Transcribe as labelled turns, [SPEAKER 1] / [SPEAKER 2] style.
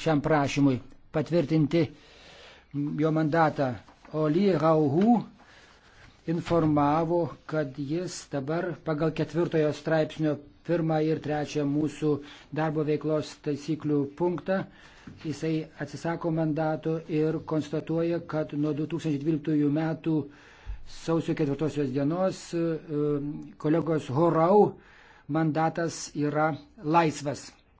[SPEAKER 1] šiam prašymui patvirtinti jo mandatą. Oli Rauhu informavo, kad jis dabar pagal ketvirtojo straipsnio pirmą ir trečią mūsų darbo veiklos taisyklių punktą. Jisai atsisako mandato ir konstatuoja, kad nuo 2012 metų sausio ketvirtosios dienos e, kolegos Horau mandatas yra laisvas.